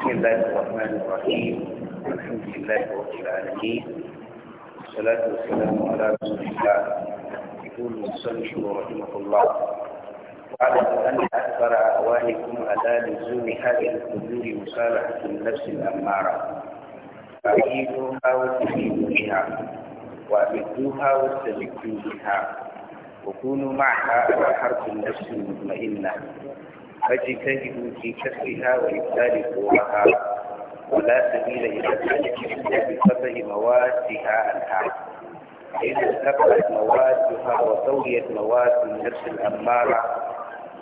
بسم الله الرحمن الرحيم الحمد لله رب العالمين والصلاة والسلام على رسول الله يقول المصلي رحمه الله واعلموا أن أكثر أوانكم على لزوم هذه القدور مصالحة النفس الأمارة فأعيدوها وتفيدوا بها وأبدوها واستبدوا بها وكونوا معها على حرف النفس المطمئنة فاجتهدوا في كسرها وإبدال قواها ولا سبيل إلى ذلك إلا بفتح موادها عنها فإذا ارتفعت موادها وسويت مواد النفس الأمارة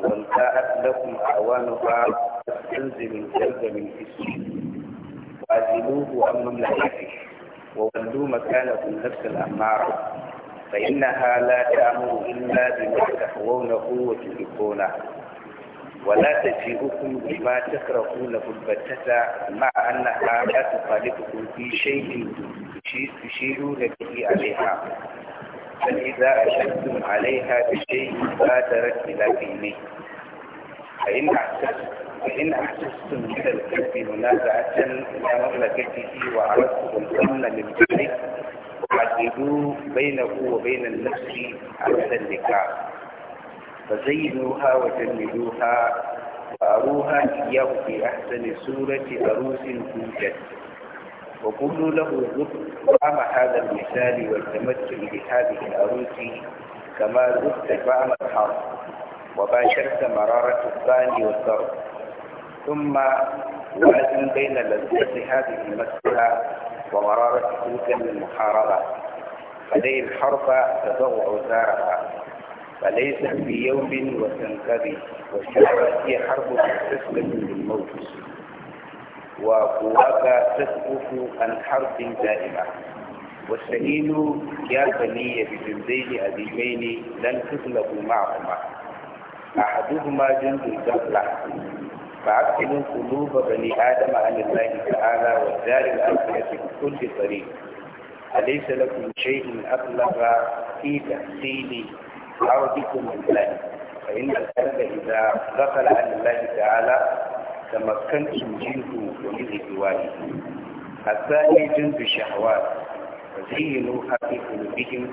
وانتهت لكم أعوانها فاستلزم الكلب من اسمه وأزلوه عن مملكته وولوا مكانه النفس الأمارة فإنها لا تأمر إلا بما تهوونه وتحبونه ولا تجيبكم بما تكرهون بالبتة مع أنها لا تخالفكم في شيء تشيرون به عليها بل إذا أشدتم عليها بشيء بادرت إلى دينه فإن فإن أحسستم من الكذب منازعة إلى مملكته وعرفتم الأمن من ذلك فعدلوا بينه وبين النفس على النكاح فزينوها وجملوها وأروها إياه في أحسن سورة عروس توجد وقولوا له ذكر طعم هذا المثال والتمثل بهذه العروس كما ذكر طعم الحرب وباشرت مرارة الثاني والضرب ثم وازن بين لذة هذه المسألة ومرارة تلك المحاربة فدي الحرب تضوع أوزارها فليس في يوم وتنكبي والشهوة هي حرب تسقط للموت وقواك تسقط عن حرب دائمة والسهيل يا بني بجندين أديمين لن تطلقوا معهما أحدهما جند الغفلة فعقلوا قلوب بني آدم عن الله تعالى والدار الآخرة بكل طريق أليس لكم شيء أبلغ في تحصيل عرضكم لله فإن القلب إذا غفل عن الله تعالى تمكنتم منه ومن إدواره الثاني جنب الشهوات فزينوها في قلوبهم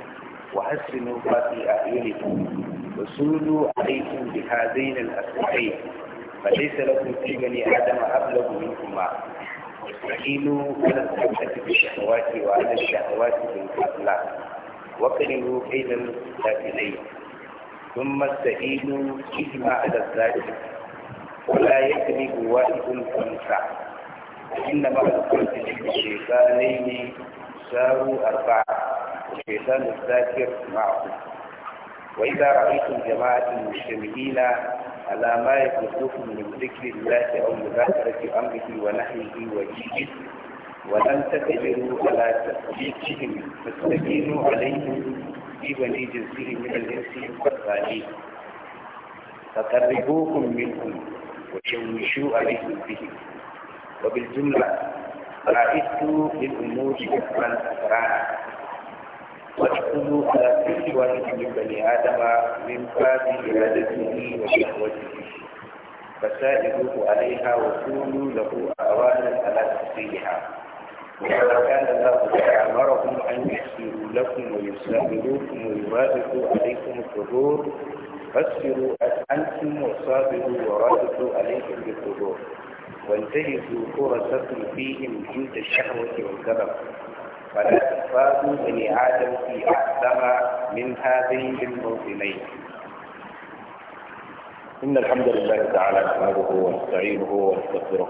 وحسنوها في أعينكم وسولوا عليكم بهذين الأسبوعين فليس لكم في بني آدم أبلغ منكما استحيلوا على الزوجة بالشهوات وعلى الشهوات بالقتلى وكرهوا بين الكافرين ثم استعينوا إجمع على الذات ولا يكذب واحد خمسة إنما القلب الشيطانين ساروا أربعة الشيطان الذاكر معهم وإذا رأيتم جماعة مجتمعين على ما يخلقكم من ذكر الله أو مذاكرة أمره ونهيه وجيده ولم تقدروا على تثبيتهم فاستعينوا عليهم في بني جنسه من الإنس والغالي فقربوهم منهم وشوشوا عليهم به وبالجملة رأيت للأمور حكما أسرعا وادخلوا على كل واحد من بني آدم من باب إرادته وشهوته فسائلوه عليها وكونوا له أعوانا على تحصيلها كان الله امرهم أن يسيروا لكم ويسامروكم ويبادروا عليكم الحضور فسروا أنتم وصابروا ورادوا عليكم بالحضور وانتهزوا فرصكم فيهم جود الشهوة والكذب فلا تفادوا بني آدم في أحسن من هذين الموسمين إن الحمد لله تعالى نحمده ونستعينه ونستغفره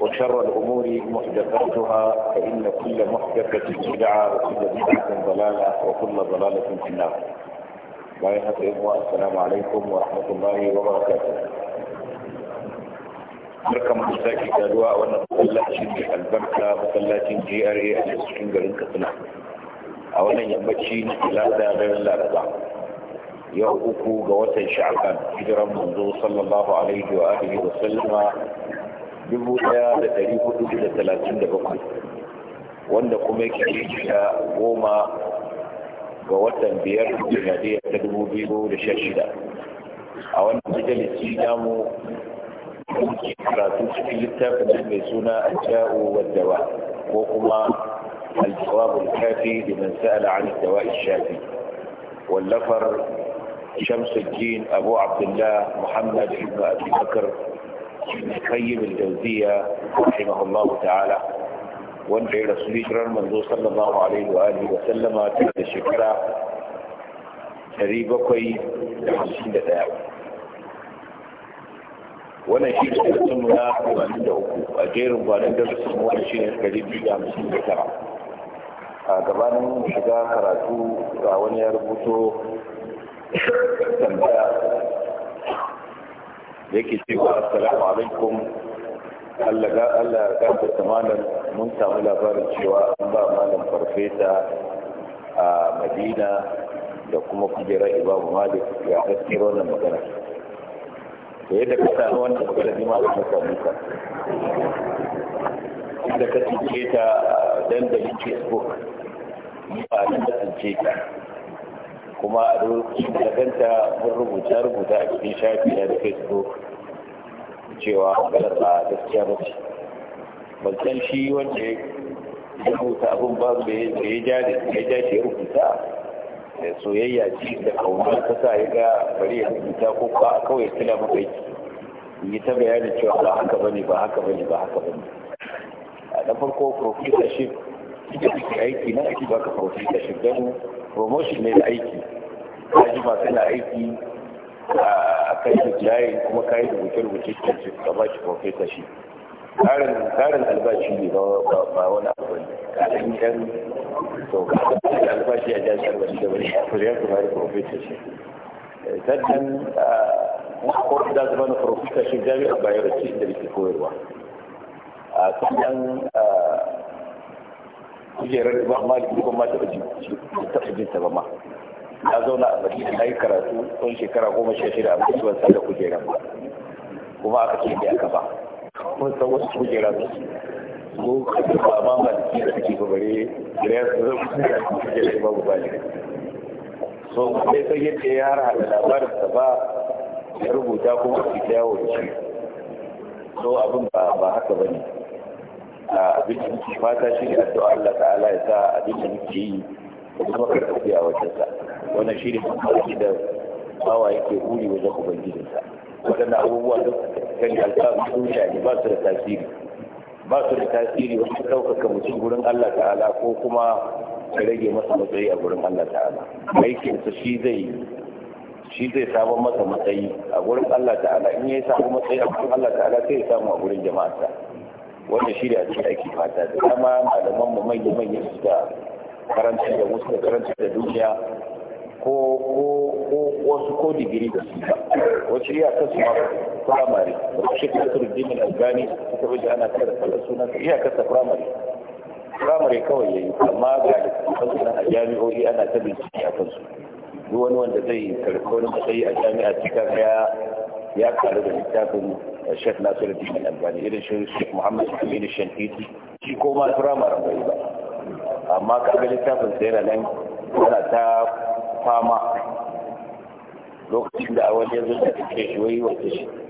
وشر الأمور محدثاتها فإن كل محدثة بدعة وكل بدعة ضلالة وكل ضلالة في النار. لا السلام عليكم ورحمة الله وبركاته. barka mu sake saduwa a wannan masallacin da albarka masallacin GRA a cikin garin Katsina a wannan yammaci na Talata daren Laraba yau uku ga watan Sha'ban hijiran manzo sallallahu alaihi wa alihi wa sallama dubu ɗaya da ɗari da talatin da bakwai wanda kuma yake da goma ga watan biyar jihadiyya ta dubu biyu shida a wannan majalisi namu muke karatu cikin littafin mai suna a ja'u waddawa ko kuma الجواب الكافي لمن سأل عن الدواء الشافي واللفر شمس الدين أبو abu abdullah محمد بن أبي bakar. ibn qayyim al-jawziya rahimahullahu ta'ala wanda ya rasu hijirar manzo sallallahu alaihi wa alihi wa sallama tare da shekara 751 wannan shi ne darasin muna na tamanin da uku a jerin gwanin da mu wani shi ne ɗari biyu da hamsin da tara a gabanin shiga karatu ga wani ya rubuto tambaya da yake cewa assalamu alaikum Allah ta malam mun samu labarin cewa an ba malam farfesa a madina da kuma kujerar ibabu malik ya gaskiyar wannan magana da yadda ka sami wannan magana ne malam ka sami ka da ka tuke ta dandalin facebook ba nan da an ce ka kuma a lokacin da ganta mun rubuta rubuta a cikin shafi na facebook cewa maganar ba gaskiya ba ce ban shi wanda ya rubuta abin ba da ya ja da ya ja shi ya rubuta da soyayya ci da kawunan ta sa ya ga bari ya rubuta ko ba kawai tuna maka yi ta bayanin cewa ba haka bane ba haka bane ba haka bane na farko professorship inda kake aiki na ake baka farauci da shigar promotion ne da aiki ta ji masu na aiki a kai da jayin kuma kayi da rubuce-rubuce kan shi ka ba shi profesa shi karin albashi ne ba wani abu ne karin yan to karin albashi a jami'ar wani da wani kuri ya kuma da profesa shi sannan ko da zama na profesa shi jami'ar bayar ce inda ke koyarwa sannan kujerar imam malik ko ma taɓa taɓa jin ta ba ma na zauna a madina na yi karatu tsawon shekara goma sha shida a ban sa da kujera ba kuma aka ce da aka ba kun san wasu kujera su ko kasu ba ma ma da ake gabare da ya zama kujera su kujera ba ba ne so sai sai yadda ya har hada labarin sa ba ya rubuta kuma a fita yawo da shi so abin ba haka ba ne abin da muke fata shi ne addu'a Allah ta'ala ya sa abin da muke yi da kuma tafi a wajensa wannan shi ne kuma da bawa yake huri wajen sa wadanda abubuwa duk kan alƙawarin duniya ne ba su da tasiri ba su da tasiri wajen ɗaukaka mutum gurin Allah ta'ala ko kuma ka rage masa matsayi a gurin Allah ta'ala sa shi zai shi zai samu masa matsayi a gurin Allah ta'ala in ya samu matsayi a gurin Allah ta'ala sai ya samu a gurin jama'a wanda shi da abin da ake fata da dama malaman mu manya manya suka karanta da wasu da karanta da duniya ko wasu ko digiri da su ba wacce iya kasu ma firamare da shi su turu dimin albani ta wajen ana kada kala suna ka iya kasa firamare firamare kawai ya yi, amma ga kansu nan a jami'o'i ana ta bincike a kansu duk wani wanda zai karɓi wani matsayi a jami'a cikin ya ya karu da littafin eh, Sheikh Nasiru Dini Albani irin shi Sheikh Muhammad Aminu Shantiti shi ko ma firamarin bai ba amma kaga littafin sai yana nan yana ta fama lokacin da a wani yanzu da take shi wai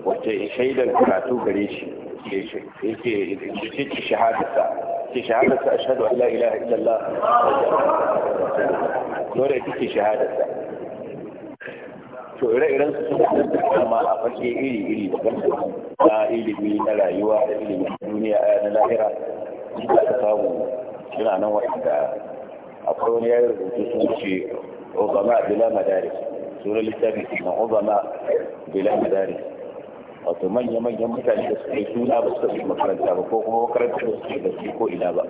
wace shaidar karatu gare shi yake ce shahadarsa ke shahadarsa ashhadu an la ilaha illallah dole ita ke shahadarsa to ire-iren su sun da kama a fashe iri-iri daban na ilimi na rayuwa da ilimi na duniya eh, na lahira sun da aka samu suna nan waɗanda akwai wani yayin rubutu sun ce obama bila madaris sunan littafi na obama bila madaris wato manya-manyan mutane da suke suna ba su tafi makaranta ba ko kuma makaranta da suke da su ko ina ba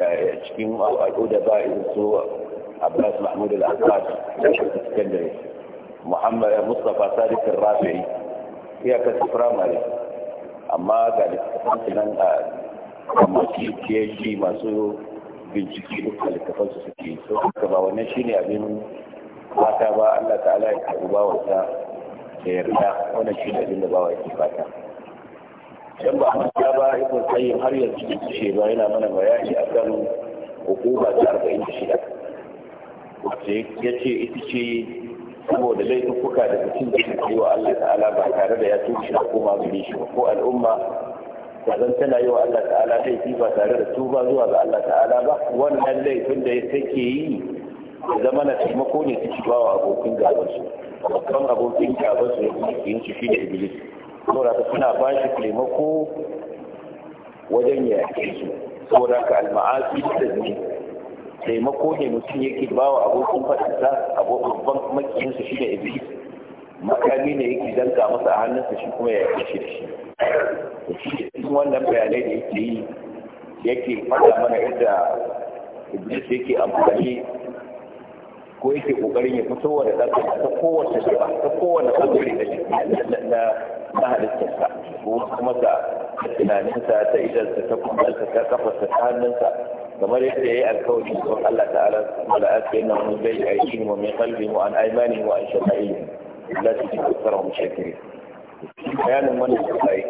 eh, cikin al'adu da ba irin su abbas mahmud al-assad da shi ta sakandare muhammad mustapha sadiq rafi'i iyaka su firamare amma ga littattafan nan a kamaki phd masu bincike duk da littattafan su suke so haka ba wannan shine abin fata ba allah ta'ala ya karɓi bawansa da yarda wannan shine abin da bawa yake fata dan ba manta ba ibn qayyim har yanzu ce ba yana mana bayani akan hukuma ta 46 wacce yace ita ce saboda laifuka da cikin da yi wa Allah ta'ala ba tare da ya tuba da kuma ma gare shi ko al'umma ba zan tana yi wa Allah ta'ala laifi ba tare da tuba zuwa ga Allah ta'ala ba wannan laifin da take yi da zama na taimako ne ta shiga wa abokin gaban su babban abokin gaban su ya kuma yin shi shi da iblis saboda ka suna ba shi taimako wajen yake su saboda ka al-ma'asi da zai taimako ne mutum yake ba wa abokin abokin ban makiyinsa shi ne iblis makami ne yake danka masa a hannunsa shi kuma ya yi shi da shi da shi da cikin wannan bayanai da yake yi yake faɗa mana yadda iblis yake amfani ko yake kokarin ya fito wa da ɗansa ta kowace ba ta kowane ɓangare da shi na halittarsa ko kuma ta tunaninsa ta idansa ta kuma ta kafarsa ta hannunsa kamar yadda ya yi alkawari don Allah ta'ala wala asina mun bai aiki mu min qalbi mu an aymani wa an shafa'i la tujibu sarhum shakiri bayanin wannan sai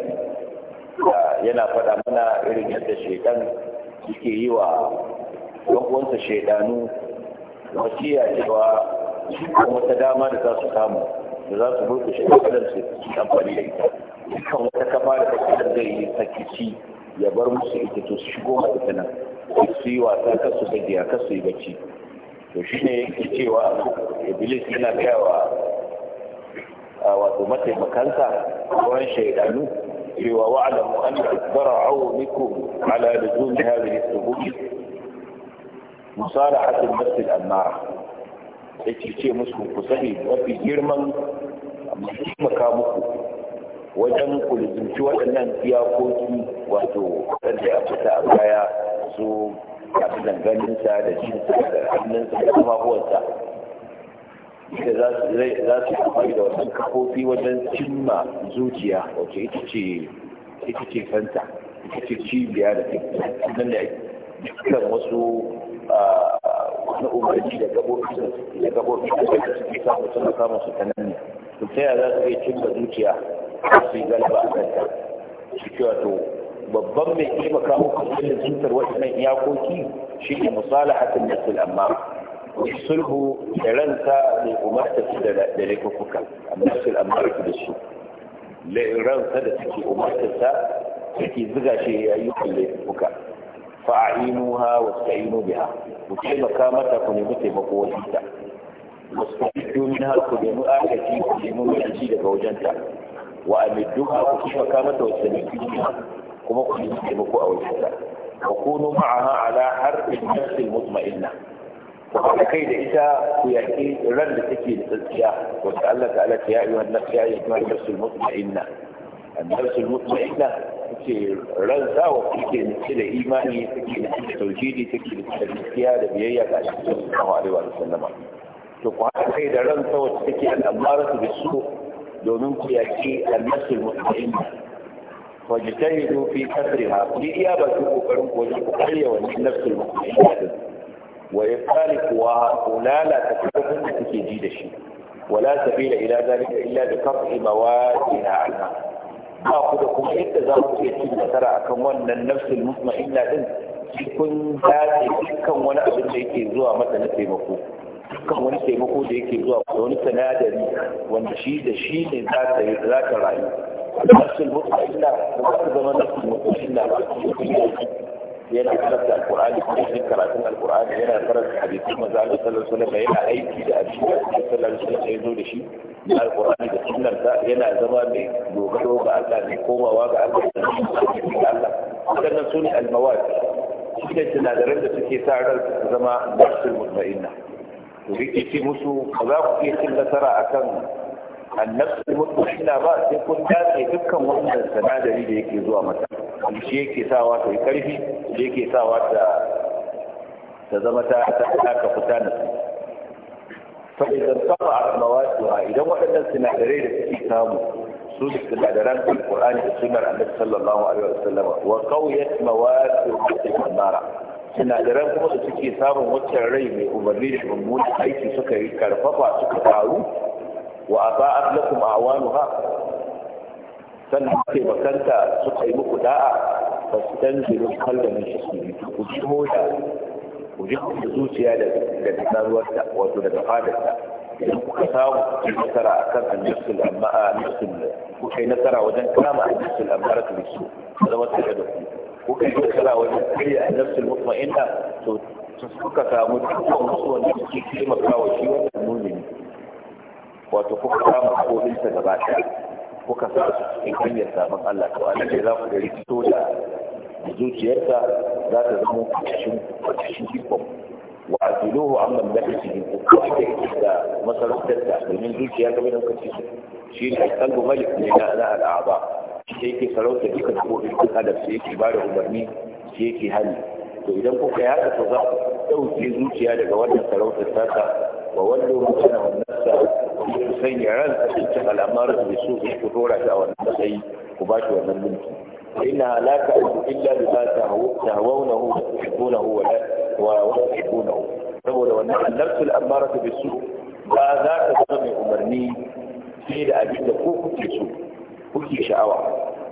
yana faɗa mana irin yadda shaidan yake yi wa ɗan uwansa shaidanu wasiya cewa dukkan wata dama da za su samu da za su burku shi kafadan su amfani da ita dukkan wata kafa da kafadan zai yi sakici ya bar musu ita to su shigo mata ta nan su yi wasa kar su gajiya kar su yi bacci to shi ne yake cewa iblis yana kaiwa a wato mataimakansa wurin shaidanu cewa wa'alamu an akbara awmikum ala su hadhihi as da musalahat an-nafs al-amara yake ce musu ku sani mafi girman taimaka muku wajen ku waɗannan iyakoki wato wanda ya fita a baya wannan ganinsa da cinsa da hannunsa da kafafuwansa da za su amfani da wasu kafofi wajen cimma zuciya wacce ita ce ita ce fanta ita ce cibiya da nan da dukkan wasu na umarci da gabobi da gabobi da suke samu suna samun su ta nan ne to ta yaya za su iya cimma zuciya su yi galaba a kanta shi cewa to babban mai taimaka muku wajen jintar waɗannan iyakoki shi ne musalahatin nasul amma sulhu da ranta mai umarta su da laifukuka nasul amma da su ransa da take umarta ta take ziga shi ya yi laifuka fa'ainuha wa ta'inu biha ku taimaka mata ku nemi taimako wajen ta wasu minha ku nemi agaji ku nemi mutunci daga wajenta wa amidduha ku taimaka mata wasu nemi kuma ku yi taimako a wajen ta ku kunu ma'aha ala harbin nafsil mutma'inna ku haɗa kai da ita ku yaƙi ran da take da tsakiya wanda Allah ta'ala ta ya ayyuhan nafs ya ayyuhan nafsul mutma'inna annafsul mutma'inna take ran sa wa take nufi da imani take nufi da tauhidi take nufi da gaskiya da biyayya ga Allah sallallahu alaihi wa sallam to ku haɗa kai da ran sa wacce take al'amaratu bisu domin ku yaƙi annafsul mutma'inna wajtahidu fi kasriha ku yi iya bakin kokarin ku wajen ku karya wannan nafsul mutmainna din wa yasaliquha ku lalata karfin da kuke ji da shi wala sabila ila zalika illa bi qat'i mawadiha anha ba ku da kuma yadda za ku iya cin nasara akan wannan nafsul mutmainna din kun dace dukkan wani abin da yake zuwa mata na taimako dukkan wani taimako da yake zuwa da wani sanadari wanda shi da shi ne za ta rayu نفس المطمئنة ومرض نفس المطمئنة yana karanta alkur'ani ko yin karatun alkur'ani yana karanta hadisi maza, Allah sallallahu alaihi wasallam yana aiki da abin da Allah sallallahu alaihi wasallam ya zo da shi alkur'ani da sunnar sa yana zama mai dogaro ga Allah mai komawa ga Allah da Allah sannan sunan almawad shi ne sinadaran da suke sa ran su zama nafsul mutma'inna to rike musu ba za ku iya cin nasara akan annabtu mutmainna ba sai kun dace dukkan wannan sanadari da yake zuwa mata shi yake sawa ta yi karfi shi yake sawa ta ta zama ta ta ka fita na su fa idan taba'a mawasuha idan waɗannan sinadarai da suke samu su da sinadaran alqur'ani da sunnar annabi sallallahu alaihi wasallam wa qawiyat mawasuha al-mara sinadaran kuma da suke samun waccan rai mai umarni da mummunan aiki suka yi karfafa suka taru wa ata'at lakum ha? sannan ke makanta suka yi muku da'a ba su dan zirin shi min shi ku ji hoda ku ji da zuciya da tsarwarta wato daga fadarta idan kuka samu ku nasara a kan annasul amma annasul ku kai nasara wajen kama annasul amara ta bisu zama tare da ku ku kai nasara wajen kai annasul mutma'inna to suka samu dukkan wasu wanda suke taimakawa shi wannan mumini wato kuka kama kofinsa gaba ɗaya kuka sa su cikin hanyar samun Allah to Allah ne za ku da rikito da zuciyarsa za ta zama kwacin kwacin ikon wa aziluhu an mamlaka cikin kuma da yake da masarautar da domin zuciya game da kace shi ne kalbu malik ne na na al'aba shi yake sarauta duka kofin kuka da su yake ba da umarni shi yake hali to idan kuka yi haka to za ku ɗauke zuciya daga wannan sarautar tasa وولوا مكانه النفس sanya ransa cikin al'amarin da su su ku dora ta wannan matsayi ku ba shi wannan mulki inna halaka illa bi ma tahawunahu wa wa saboda wannan bi su ba za ta zama mai umarni sai da abin da ku kuke so kuke sha'awa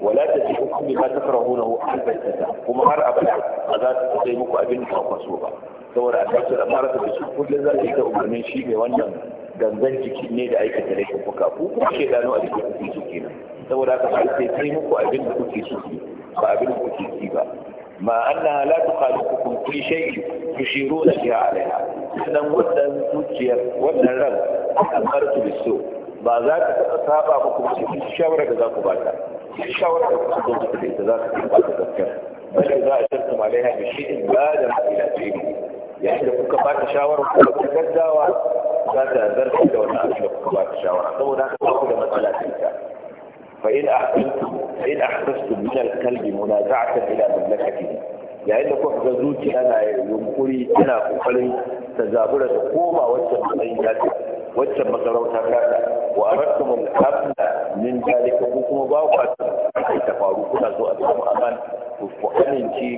wala ta ji ku bi ma takrahunahu albatta kuma har abada ba za ta tsaye abin da ku so ba saboda a tashi da mara da su kullum za ta umarnin shi ne wannan gangan jiki ne da aikata laifin kuka ku kuma ke gano a jikin kuke su kenan saboda haka ba sai sai muku abin da kuke su ba abin da kuke ci ba ma annaha la tukhaliqukum fi shay'in tushiruna biha alaiha sannan wannan zuciyar wannan ran amartu bisu ba za ta taɓa saba muku cikin shawara da za ku bata الشاورة تكون في الانتظار تبقى تذكر بل إذا أجرتم عليها بشيء بادر إلى فيه يعني لو كنت بعد شاورة وكنت تتجدى وذات ذرك لو أنا أجل كنت بعد شاورة ثم ذاك تأخذ مسألة تلك فإن أحسنتم فإن أحسستم من الكلب منازعة إلى مملكته يعني لو kuka زوجي أنا na أنا tana kokarin ta zabura ta koma waccan masarauta kasa wa aradtum al-hamla min dalika ku kuma ba ku kai ta faru kuna so a samu aman ku amince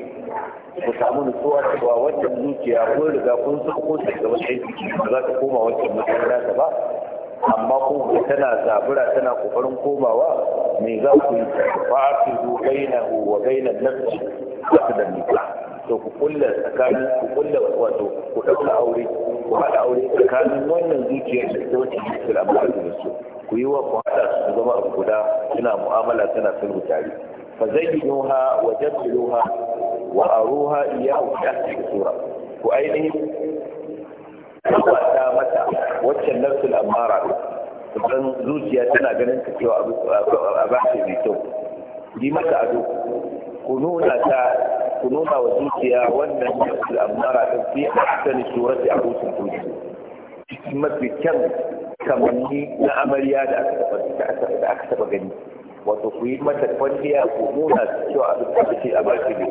ku samu nutsuwa cewa waccan zuciya ko riga kun san ko ta gaba sai ba za ta koma wancan masarauta ba amma kuma tana zabura tana kokarin komawa me za ku yi fa ku bainahu wa bainan nafsi da nisa to ku kulla tsakanin ku kulla wato ku ɗauka aure ku haɗa aure tsakanin wannan zuciyar da ta wacce yake da da su ku yi wa ku haɗa su zama abu guda suna mu'amala suna sulhu tare fa zayyinuha wa jammiluha wa aruha iyyahu tahti sura ku ainihin kawata mata waccan nafsul amara don zuciya tana ganin ka cewa a ba mai kyau yi mata ado ku nuna ta ku nuna wa zuciya wannan nafsul amara ta fi ahsani surati abusin tuji cikin mafi kyan kamanni na amarya da aka taba gani wato ku yi mata kwalliya ku nuna cewa abin da take a baki ne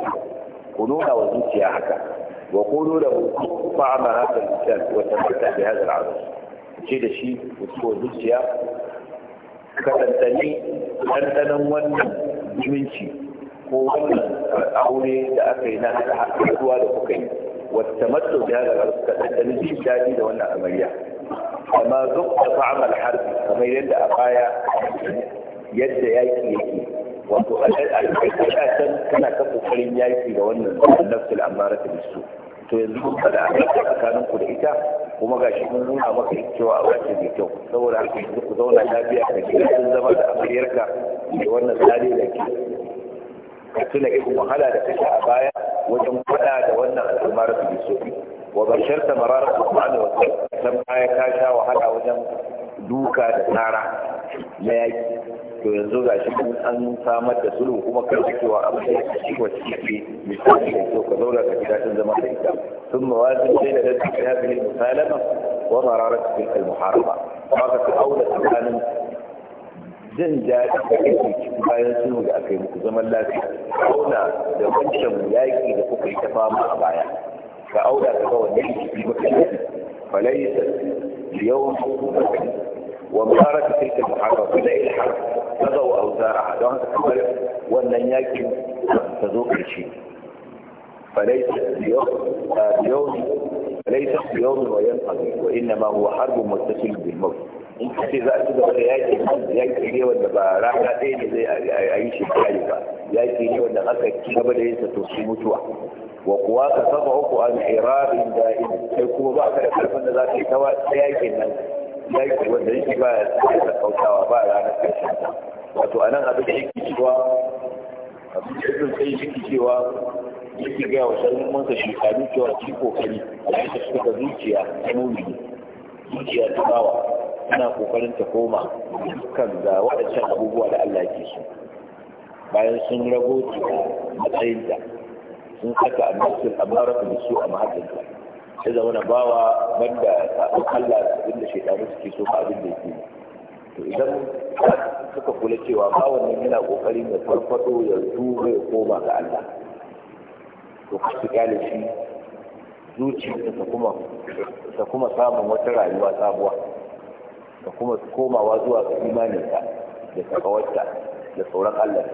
ku nuna wa zuciya haka wa qulu lahu fa'ama hadha al-insan wa tabatta bi hadha al-'arsh ce da shi ku ci wa zuciya ka tantani tantanan wannan zumunci ko wannan aure da aka yi na haɗuwa da kuka yi wata matsa da ya suka ɗanɗani shi daɗi da wannan amarya amma zuk da fa'amal harbi kamar yadda a baya yadda yaƙi yake wato alƙaƙa can kana ta ƙoƙarin yaƙi da wannan nafsul amara ta bisu to yanzu ka da aka yi tsakanin ku da ita kuma ga shi mun nuna maka cewa a wace mai kyau saboda haka yanzu ku zauna lafiya ka ji sun zama da amaryarka da wannan tsari da ke ka tuna irin wahala da kashe a baya wajen faɗa da wannan al'ummar da ke sofi wa bashar ta marara su kwanu wa san baya ka sha wahala wajen duka da tara na yaƙi to yanzu ga shi an samar da sulhu kuma kan wa abu da yake shi wa ciki misali da kyau ka zauna ka ji daɗin zama da ita sun mawazin sai da dace ta hadin musalama wa marara cikin al-muharaba ba ka auna tsakanin jin daɗi da kake ciki bayan sulhu da aka yi muku zaman lafiya ka auna da wancan yaƙi da kuka yi ta fama a baya ka auna ka ga wannan ciki maka yaƙi falaisa yau ومبارك تلك المحاربة إلى الحرب نضوا أوزارها لو أنت تقول وأن يجب تذوق الشيء فليس اليوم فليس بيوم وينقضي وإنما هو حرب متصل بالموت in ka ce za a ci gaba da yaƙi yaƙi ne wanda ba rana ɗaya ne zai a yi shekari ba yaƙi ne wanda aka ci gaba da yinsa to shi mutuwa wa kuwa ka saba uku an irabin da'in sai kuma ba ka da karfin da za ka yi ta yaƙin nan yaƙi wanda yake ba ya kautawa ba ranar ƙarshen ta wato anan abin da yake cewa abin da yake cewa yake gaya wa shalin mansa shekaru cewa ci kokari a cikin suka zuciya ta nuni zuciya ta bawa tana kokarin ta koma dukkan da waɗancan abubuwa da Allah ke so bayan sun rago ta matsayin ta sun saka annasul amara ta su a mahallin ta sai zama na bawa banda sabon Allah abin da shekaru suke so ba abin da yake to idan suka kula cewa bawan nan yana kokarin ya farfado ya tuba ya koma ga Allah to su kyale shi zuciyarsa ta kuma samun wata rayuwa sabuwa da kuma komawa zuwa ga imaninka da takawarta da sauran Allah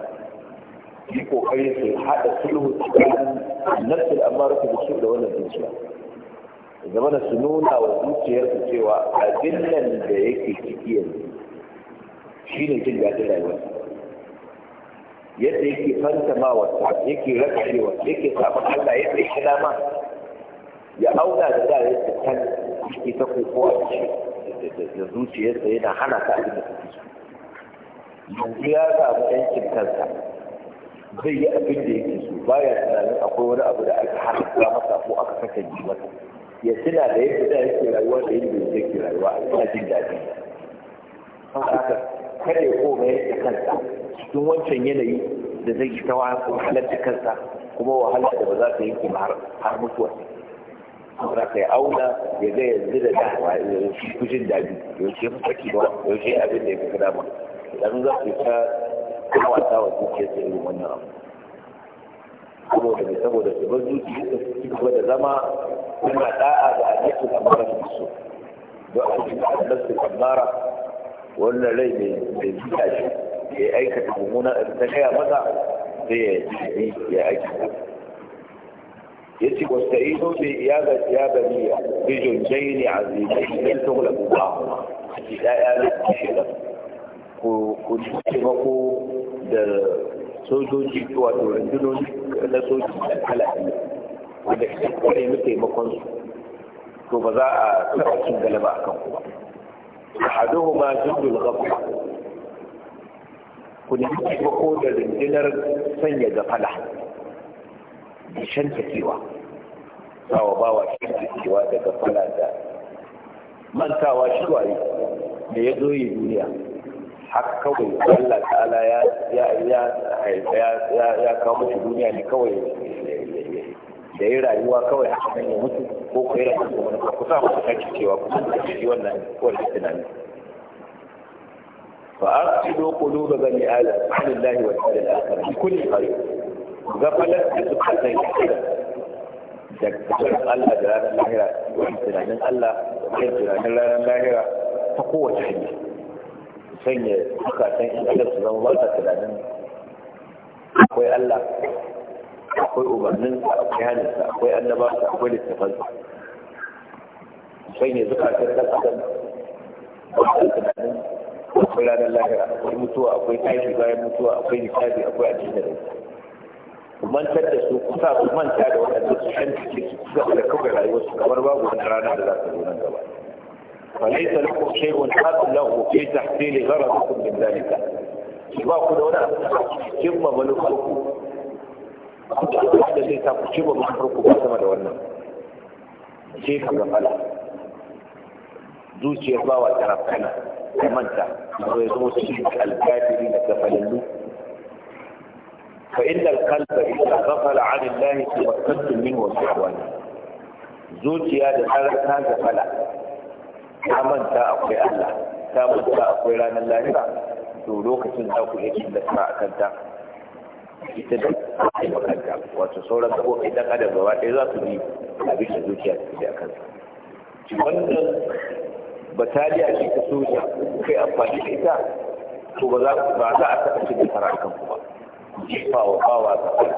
yi kokari su haɗa sulhu tsakanin nafsul amara da su da wannan zuciya zama da su nuna wa zuciyar su cewa abin nan da yake ciki yanzu Shi ne jin daɗin rayuwar yadda yake fantama wa yake rakashewa yake sabon Allah yadda yake dama ya auna da za yadda kan ciki ta koko a ciki da zuciyarsa yana hana ta abin da kake so yanzu ya samu yankin kansa zai yi abin da yake so baya tunanin akwai wani abu da aka haramta masa ko aka kasance masa ya tuna da yadda da yake rayuwa da yadda yake rayuwa a ina jin daɗi haka kada ya koma yadda kansa cikin wancan yanayi da zai yi ta wahalar da kansa kuma wahalar da ba za ta yanke har mutuwa kuma kai auna ya ga yanzu da da shi kujin daji yaushe fi saki ba yaushe abin da ya fi dama dan za su ta kuma wasa wa zuciyarsa irin wannan abu saboda ne saboda su bar zuciya su ci gaba da zama suna da'a da annabi da amara su so don a cikin annabi su amara wannan rai mai zuciya shi ya aikata mummuna ta gaya maza sai ya yi ya aikata yace wasta'inu bi iyadati ya bani bi junjayn azimain lan tughlabu ba'dhuma ya ya ne ku ku da sojoji wato na sojoji da kalafi wanda ke kware mu makon su to ba za a taɓa cin galaba a kan kuma ahaduhuma jundul ghafla ku ne taimako da rundunar sanya gafala da ba sawa bawa shantakewa daga falata mantawa shi waye da ya zo yi duniya haka kawai Allah ta'ala ya ya ya ya ya kawo mutu duniya ne kawai da yi rayuwa kawai haka nan ya mutu ko ko yi rayuwa wani ka kusa mutu kan cewa kuma da shi wannan wannan tunani fa aqsidu quluba bani adam alillahi wa ta'ala al-akhir kulli qarib gafalar da suka kai da kasar Allah da ranar lahira wani tunanin Allah da wani tunanin ranar lahira ta kowace hanya sanya suka san in Allah su zama wata tunanin akwai Allah akwai umarninsa akwai hannunsa akwai annabansa akwai littafansa sanya suka san ɗan adam wata tunanin akwai ranar lahira akwai mutuwa akwai tashi bayan mutuwa akwai hisabi akwai da rai mantar da su kusa su manta da waɗanda su shan ciki su kusa da kawai su kamar babu wani rana da za su zo nan gaba فليس لكم ta حق له في تحصيل غرضكم من ذلك ba ku da wani abu da cimma manufarku ku da abu da zai ta ku cimma ku ba sama da wannan ce ka fala. zuciyar bawa ta kana ta manta ko ya zama cikin alkafiri da gafalallu فإن القلب إذا غفل عن الله توسلت منه الشهوان زوجي هذا الحالة هذا فلا آمن الله تأمن تأقوي لنا الله دولوك تنزوك إيش اللي اسمع كنتا ita da ake makanta wato sauran gaɓoɓi idan adam gaba ɗaya za su bi abin da zuciya su a kansa wannan bataliya ce ta soja kai amfani da ita to ba za a taɓa cin nasara kanku ba jefa wa bawa gafala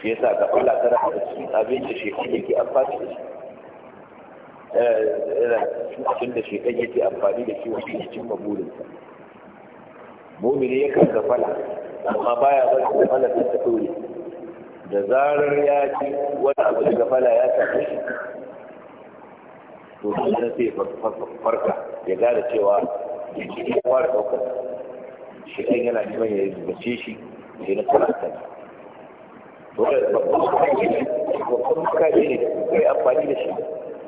shi yasa gafala ka da shi abin da shekan yake amfani da shi abin da shi ɗan yake amfani da shi wani cin maburinsa mumini ya kan gafala amma baya ba da gafala ta ta da zarar ya ci wani abu da gafala ya tafi shi to shi na sai farka ya gane cewa ya ci ya fara ɗaukar shi ɗan yana neman ya zubace shi ya na talata babban makaji ne da kai amfani da shi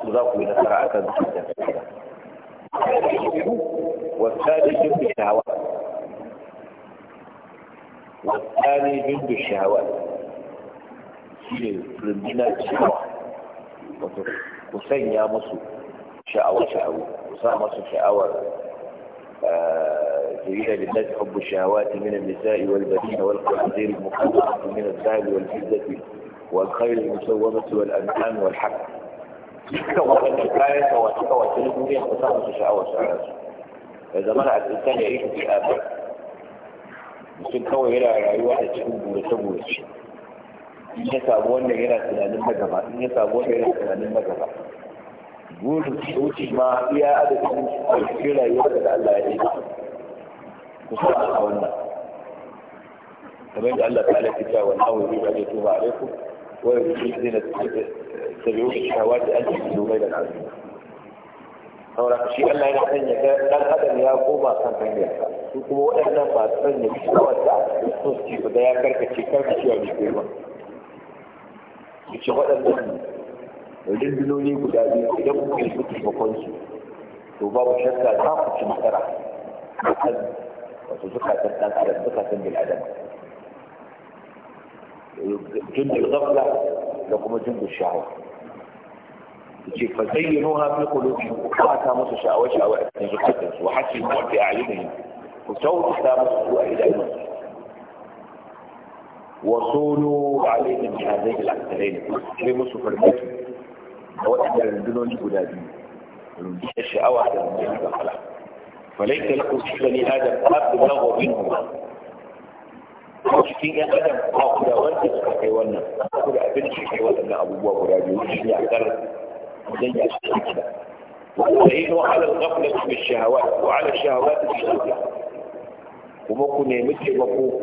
su za ku yi nasara a kan zuciya wasani jundu shawa wasani jundu shawa shi ne rundunar shawa wato ku sanya musu sha'awa sha'awa ku sa masu sha'awa eh, الى لله حب الشهوات من النساء والبنين والقناطير المقدره من الذهب والفزه والخير المسومه والانعام والحق إذا الإنسان يعيش في أي واحد وكان كفايه سواتك وتنبوه يختصر الشهوات فاذا مر الانسان يعيش في ابا كسرها الأولى فمن يجعل الله تعالى كتاب والحاول يجب أن يتوب عليكم ويجب أن تتبعون الشهوات أن تجدوا بين العالمين أو رأى شيئا لا يحن يكا قال هذا يا أبو ما كان في الناس ثم هو أنه ما أتفن يكسر وزع يسنس كيف دا يكار كتشي كار كتشي عمي كيما كتشي غدا بسنو ولن بلوني بدادي إذا ممكن يسكت المقنسي وبابو شكا تاقش مقرح وتزكى على الزكاة بالعدم جند الغفلة لكم جند الشهوة فزينوها في قلوبهم وقاتها موسى شهوات شهوات زكاة وحسنوا في أعينهم وتوتها موسى إلى المسجد وصولوا عليهم هذه الأكثرين في موسى فرمتهم وإحدى الجنون الجلابي من الشهوة على المسجد الخلاق وليس لكم في بني ادم اب له منهما وفي ادم اخذ والدك حيوانا اخذ ابنك حيوانا ابو بكر ابي وجهي اعترف زي الشيخ وإنه على الغفلة الشهوات وعلى الشهوات الشهوات وممكن يمتل مفهوم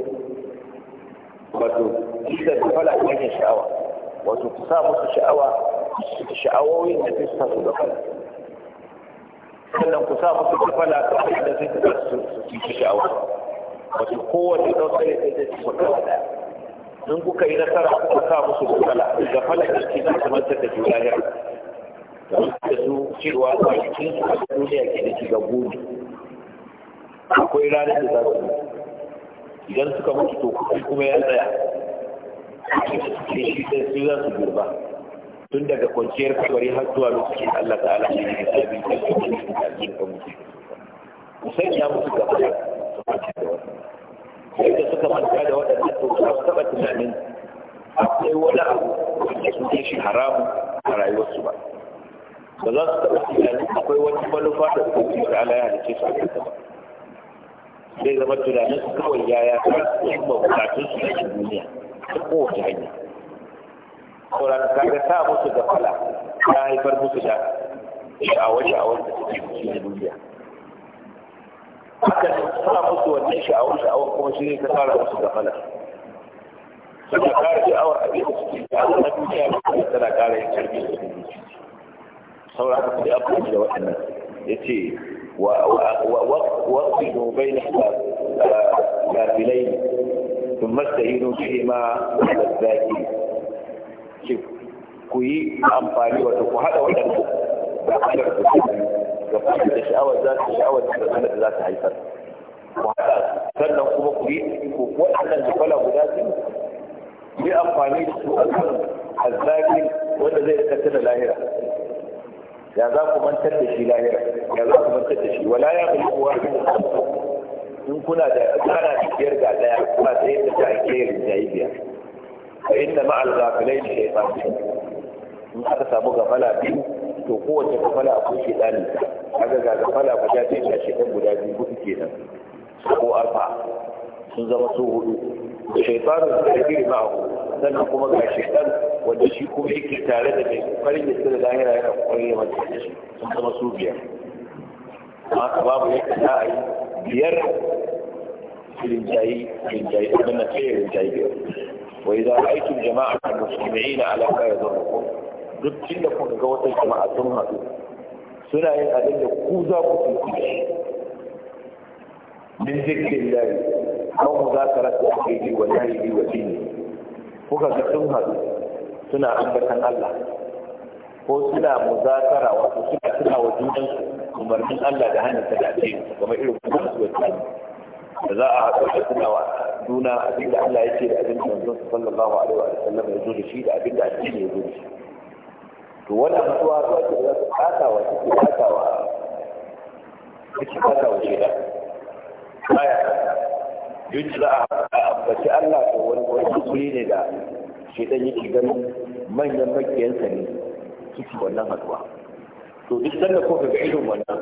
وتزيد تفلع من الشهوات وإذا تصابت الشهوات الشهوات التي تصابت الشهوات sannan ku sa musu kafala kafala da sai ta su su ci sha'awa wato kowanne ɗan tsaye sai ta ci kafala ɗaya in kuka yi nasara kuka sa musu da kafala da ke za su mantar da juna yau da su cewa cikin su a duniya ke da shiga gudu akwai ranar da za su idan suka mutu to kuma ya tsaya a cikin shi sai su za su girba tun daga kwanciyar kabari har zuwa lokacin Allah ta'ala shi ne sabin kalmomin da ake kan mutu ku sanya su gaba da sai da suka manta da waɗannan to ba su taɓa tunanin akwai wani abu wanda sun yi shi haramu a rayuwarsu ba ba za su taɓa tunanin akwai wani manufa da ubangiji ta'ala ya halice su a kanta ba zai zama tunanin su kawai yaya za su yi ma bukatunsu na duniya ta kowace hanya saboda ka kaga sa musu ga fala ya haifar musu da sha'awar-sha'awar da suke musu da duniya haka ne sa musu wannan sha'awar-sha'awar kuma shi ne ta fara musu ga fala suna kara sha'awar abin da suke da na duniya da kuma tana kara yin karfi da duniya saboda haka sai abubuwa da waɗannan ya ce واقصدوا بين كافلين ثم استعينوا بهما على الذاكرين ce ku yi amfani wato ku haɗa waɗanda da hanyar da su da kuma da sha'awar za su sha'awar da zama da za su haifar ku haɗa sannan kuma ku yi ku waɗannan kwala guda biyu yi amfani da su a kan azzafi wanda zai rika da lahira ya za ku mantar da shi lahira ya za ku mantar da shi wala ya bulu wa in kuna da tsara biyar ga daya kuna tsaye da ta ake yin jayi biyar fa inna ma'al ghafilai ne shaytan in aka samu gafala biyu to kowace gafala akwai shaytan kaga ga gafala guda ce da shaytan guda biyu hudu kenan ko arfa sun zama su hudu shaytanu da yake ma'ahu sannan kuma ga shaytan wanda shi kuma ke tare da mai kokarin ya da lahira yana kokarin ya mace da shi sun zama su biyar Ma ka babu yadda za a yi biyar rinjayi rinjayi abin na ce rinjayi biyar وإذا رأيتم جماعة مجتمعين على ما يضركم duk inda kun ga wata jama'a sun haɗu suna yin abin da ku za ku tuku da shi min zikirin lari an mu za ka rasa alheri wa lahiri wa dini kuka ga sun haɗu suna ambatan Allah ko suna muzakara wato suna suna wa junansu umarnin Allah da hannun ta da ce kamar irin kuma su da za a haɗu da suna wasa Duna abin Allah ya ce da abin da manzon sallallahu alaihi wa sallam ya zo da shi da abinda da addini ya zo da shi to wannan mutuwa zuwa ce da su katawa suke katawa suke katawa shaida baya duk za a ambaci Allah ko wani wani kuri ne da shaidan yake ganin manyan makiyansa ne suke wannan haduwa to duk sanda ko ga irin wannan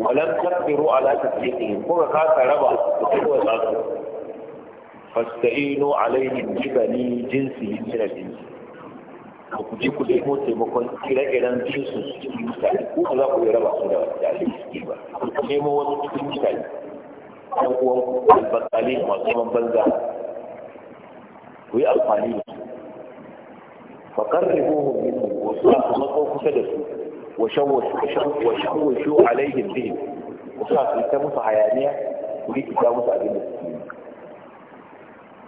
walam taqdiru ala tasdiqihim ko ka raba ko ka zasu fasta'inu alaihi bi jinsi min jinsi jins ko ku ji ku nemo taimakon ire-iren jinsu cikin mutane ko ku za ku yi raba su da jahilai suke ba ku nemo wasu cikin mutane ko uwan albatsalin masu man banza ku yi amfani da su fakar rihohun min ku sa ku matso kusa da su wa shawwashu alaihim bihim ku sa su ta musu hayaniya ku yi rikita musu abin da suke yi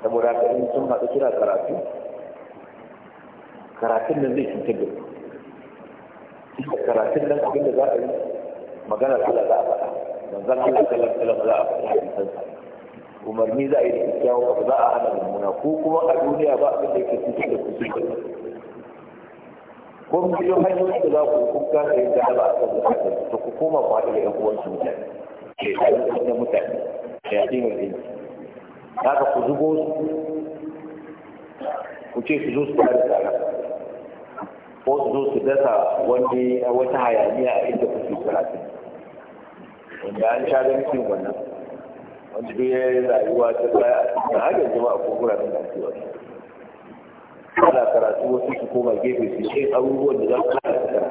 saboda ka sun haɗu kira karatu karatun nan zai cutar da ku karatun nan abin da za a yi magana da za a faɗa manzan Allah sallallahu alaihi wasallam za a faɗa hadisan umarni za a yi da kyakkyawan abu za a hana mummuna ko kuma a duniya ba abin da yake cutar da ku sun ko mu yau hanyar da za ku kun kasa yin gaba a kan zakatun to ku koma ku haɗu da ƴan uwansu mutane ke tsarin mutane da yaɗin rinji za ka ku zubo su ku ce su zo su da tsara ko su zo su dasa wani wata hayaniya a inda kuke karatu wanda an sha ganin cin wannan wanda duk yi rayuwa ta baya da hajjar yanzu a kogura da ake wani ana karatu wasu su koma gefe su ce abubuwan da za su kare tsara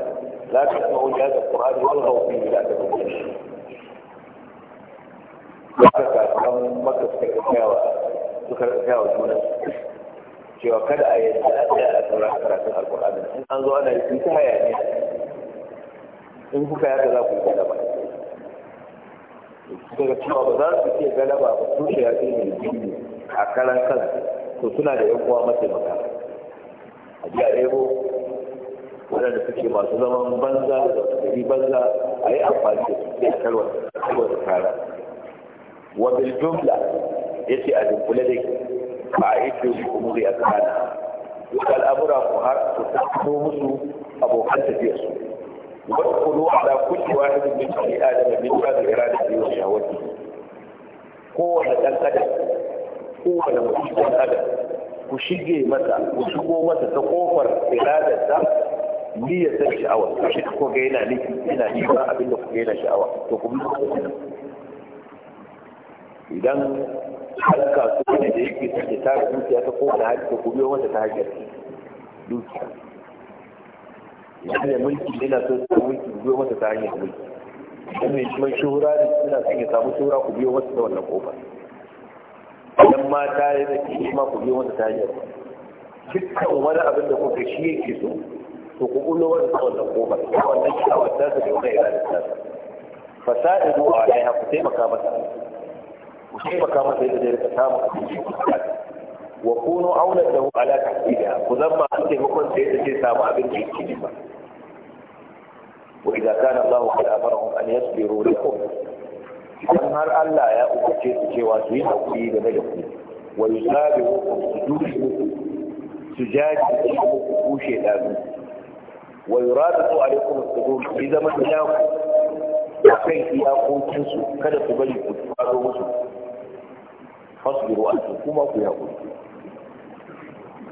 za ka kuma wani ya ga ƙur'ani wani haufi da aka kuma haka kakan maka suka kyakkyawa suka kyakkyawa juna. cewa kada a yi a tsaya a saurari karatun alkur'ani in an zo ana yi ta hayaniya in kuka yaka za ku yi galaba daga cewa ba za su iya galaba ba su shi yaƙi ne jini a karan kala, to suna da yan uwa mataimaka a jiya ɗebo waɗanda suke masu zaman banza da banza a yi amfani da su ke a karwar da kara وبالجملة يتي أدم مع قاعد بأمور أكانا وقال أمر أبو هار أبو حتى جيسو وقلوا على كل واحد من شخص آدم من شخص إرادة وشهوته قوة الأدم قوة المشيطة الأدم kushige mata ku shigo mata ta kofar iradar ta ni ya san sha'awa kashi ko ga yana ne yana ni ba abin idan har su ne da yake sake tara dukiya ta kowane hali ta biyo wanda ta hanyar dukiya idan da mulki yana so ta mulki biyo wanda ta hanyar mulki idan mai mai shura su suna son ya samu shura ku biyo mata ta wannan kofa idan mata ya zaki shi ma ku biyo wanda ta hanyar dukkan wani abin da kuka shi yake so to ku kullo wanda ta wannan kofa ta wannan shawar ta da wani iradar ta fasa'idu a alaiha ku taimaka masa. ku taimaka masa yadda zai rika samun abinci wa kuno aunar da ala tahsida ku zama an taimakon sa yadda zai samu abin da yake nema wa idza kana Allahu qad amarahum an yasbiru lakum idan har Allah ya umarce su cewa su yi hakuri game da ku wa yusabihukum sujudukum sujadi ku kushe da su wa yuradu alaikum as-sujud idan man ya ku akan iyakokin su kada su bari ku fado musu فاصبروا أهل كما في يقول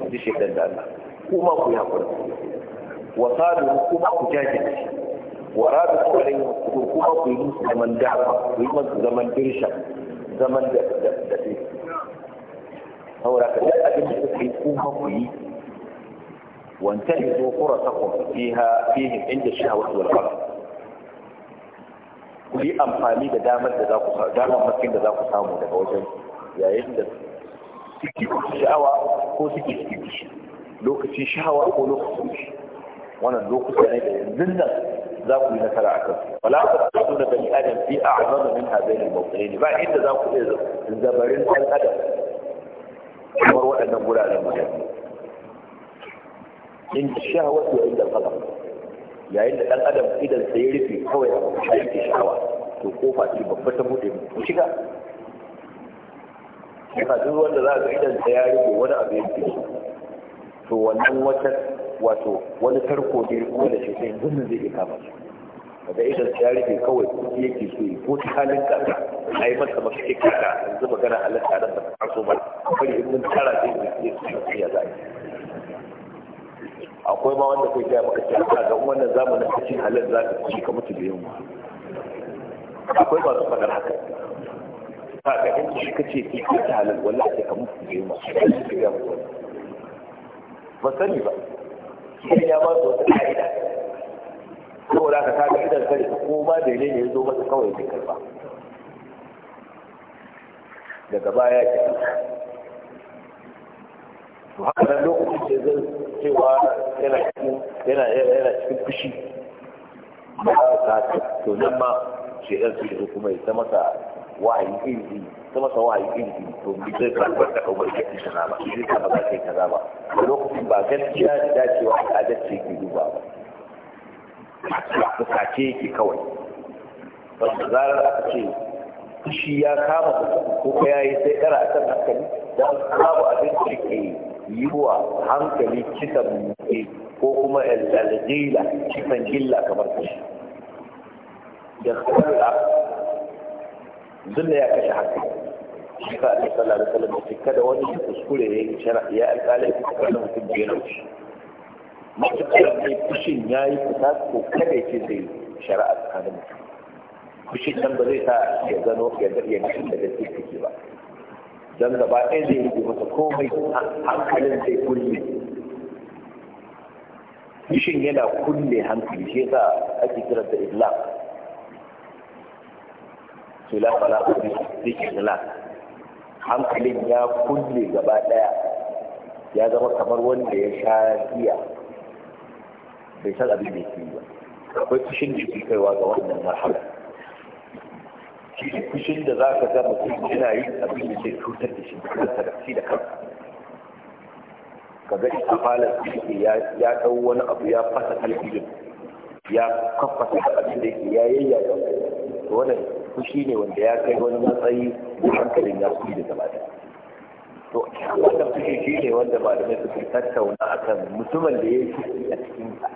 ما دي شيء كان كما في يقول وصابروا كما في جاجل ورابطوا عليهم كما في زمن دعمة ويمن زمن برشة زمن دعمة هو لك لا أجل في كما في وانتهزوا قرصكم فيها فيهم عند الشهوة والقرص ku yi amfani da damar da za ku samu daga wajen su yayin da suke sha'awa ko suke cikin shi lokacin sha'awa ko lokacin shi wannan lokuta ne da yanzu nan za ku yi nasara a kansu wala ta tsaro da bani adam fi a azama min hazai ne mawutsari ne ba inda za ku iya zabarin ɗan adam kamar waɗannan guraren guda in sha'awa ko inda fada yayin da ɗan adam idan sai ya rufe kawai a kusa yake sha'awa to kofa ce babba ta buɗe mu shiga yana duk wanda za ga idan ta ya rufe wani abu yake to wannan wata wato wani tarko ne wanda shi sai zunnin zai iya kama su daga idan ta ya rufe kawai kuma yake so yi ko ta halin kasa a yi masa maka ke kasa yanzu magana halatta da ta taso ba bari in mun tara zai yi su ya za a akwai ma wanda kai gaya maka cewa ga wannan zamanin cikin halin za ka ci ka mutu da yunwa akwai masu faɗar haka ba ga ɗan shi ce ki yi ta halal wallahi ka mutu ne ma shi ga mu ba sani ba sai ya ba su wata ka'ida saboda ka kaga idan kare ko ba da ne ya zo masa kawai zai karba daga baya ya to haka nan lokacin da zai cewa yana cikin yana yana cikin fushi ba ka to nan ma shi ɗan su kuma ya ta masa wahayi iri ta masa wahayi iri to bi zai karɓar da ɗaukar da ke kaza ba shi ka ba za ka yi kaza ba lokacin ba gaskiya da dacewa a adalci ke duba ba fusace yake kawai ba da zarar aka ce fushi ya kama mutum ko ya yi sai ɗara a kan hankali da babu abin da ke yi wa hankali kisan muke ko kuma aljila kisan gilla kamar fushi da duk ya kashe haka shi ka ake sallallahu da wasallam mafi kada wani su kuskure ya yi shara ya alƙalai ya kuka da mutum biyu na wuce matuƙar mai fushin ya yi fita ko kada ya ce zai shari'a tsakanin mutum Kushin nan ba zai sa ya gano ya iya mutum da gaske take ba don gaba ɗaya zai yi masa komai hankalin zai kulle Kushin yana kulle hankali shi ya sa ake da islam to fara kuri fi ikhlas hankalin ya kulle gaba daya ya zama kamar wanda ya sha giya bai san abin da yake yi ba akwai kushin da ke kaiwa ga wannan marhala shi kushin da za ka zama kuma yana yin abin da zai cutar da shi da shi da kansa ka ga ita falar ya ɗau wani abu ya fasa talibijin ya kafa abin da yake ya yayyaga wani wannan fushi ne wanda ya kai wani matsayi da hankalin ya fi da gaba da to wannan fushi shi ne wanda malamai mai tattauna akan mutumin da ya yi fushi a cikin sa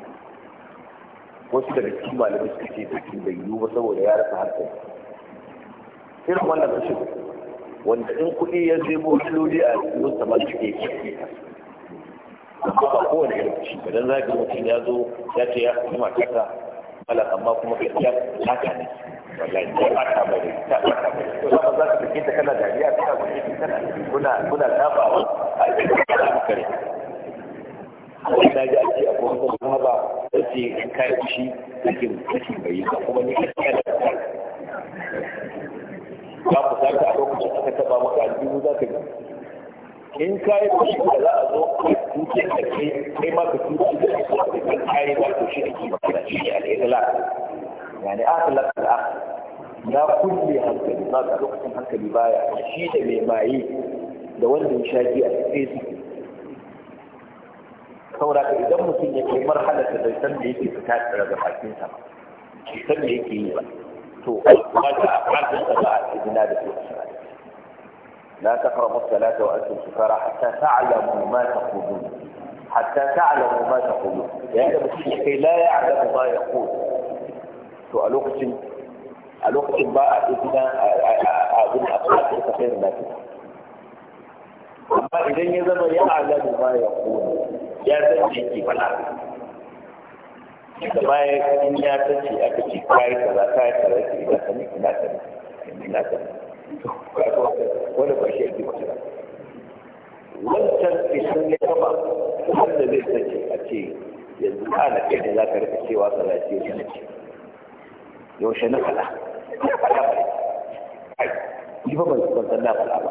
wasu daga cikin malamai suka ce fushi bai yiwu ba saboda ya rasa hankali irin wannan fushi wanda in kuɗi ya zebo kiloli a cikin sa ma suke fushi amma ba kowane irin fushi ba dan zaka mutum ya zo ya ce ya kuma kasa malaka amma kuma kai ya haka ne wallahi ko ba ta bari ta ba ta bari to za ka take ta kana dariya kana kuke kana kuna kuna tabawa ai kana makare wani na ji a ce akwai wata mazhaba da ce in kai fushi kake kake bai ka kuma ni kake kana ba ku saka a lokacin aka taba maka aljihu za ka ji in ka yi kushi da za a zo a tuce da kai kai ma ka tuce da kai ka kare ba to shi ake magana shi ne يعني آخر لك الآخر لا كل لي هنكلي ما تقسم هنكلي بايع الشيء اللي ما يجي لو أنت مشاجي اكيد فورك إذا ممكن يكون مرحلة تبسم لي في فتاة رضا حاكين سما تبسم لي تو ما تقعد الصلاة إذن هذا لا تقرب الصلاة وأنتم سكارا حتى تعلموا ما تقولون حتى تعلموا ما تقولون يعني مشيح لا يعلم ما يقول to a lokacin a lokacin ba a ɗauki a abin a ƙasar kafin sayar amma idan ya zama ya alamu ba ya kone ya san ce ke faɗa da baya in ya tace aka ce kayi kaza kayi kaza ke ina sani ina sani ina sani wani ba shi yake mutum wancan isan ya kama wanda zai tace a ce yanzu ka na kai da za ka rika cewa kaza ce wani ce yaushe na faɗa ya ai ni ba ban san na faɗa ba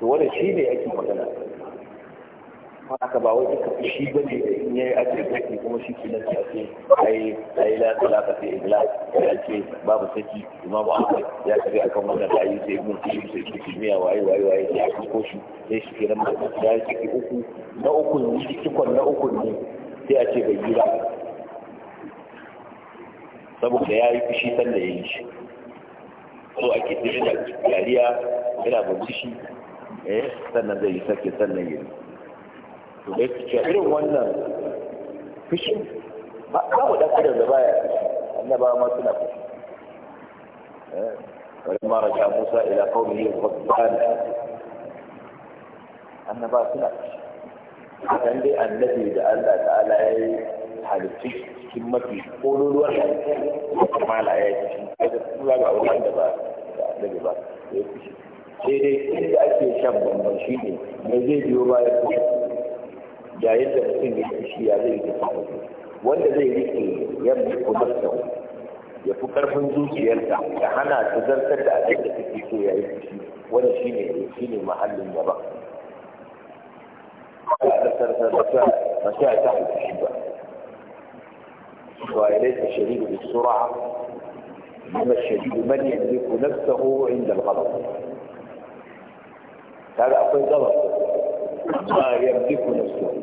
to wannan shi ne yake magana haka ba wai duka shi ba ne da in yayi ake zaki kuma shi ke nan ake ai ai la talaka fi iglas ya ce babu saki imam ahmad ya tafi akan wannan ayi sai mun kishi sai kishi miya wai waye waye ya ko shi sai shi ke nan ya ce uku na uku ne cikon na uku ne sai a ce bai yi ba saboda ya yi fushi sanda ya yi shi so ake tsaye da yariya yana shi eh sannan zai yi sake sannan yi to dai ce irin wannan fushi ba a mu dan adam da baya annaba ma suna fushi eh ولما رجع موسى إلى قومه غضبان annaba suna fushi hakan dai annabi da Allah ta'ala ya yi halittu cikin mafi kololuwar da ya kamala ya yi shi kada su zaga a wurin da ba da annabi ba da ya fushi sai dai inda ake shan bambam shi ne me zai biyo bayan fushi Ya da mutum ya fushi ya zai yi fushi wanda zai rike da sau ya fi karfin zuciyarsa ya hana ta zartar da abin da take so ya yi fushi wanda shi ne shi ne mahallin gaba ba a tsarkar da ta ba وليس الشديد بالسرعة إنما الشديد من يملك نفسه عند الغضب هذا أصل غضب ما يملك نفسه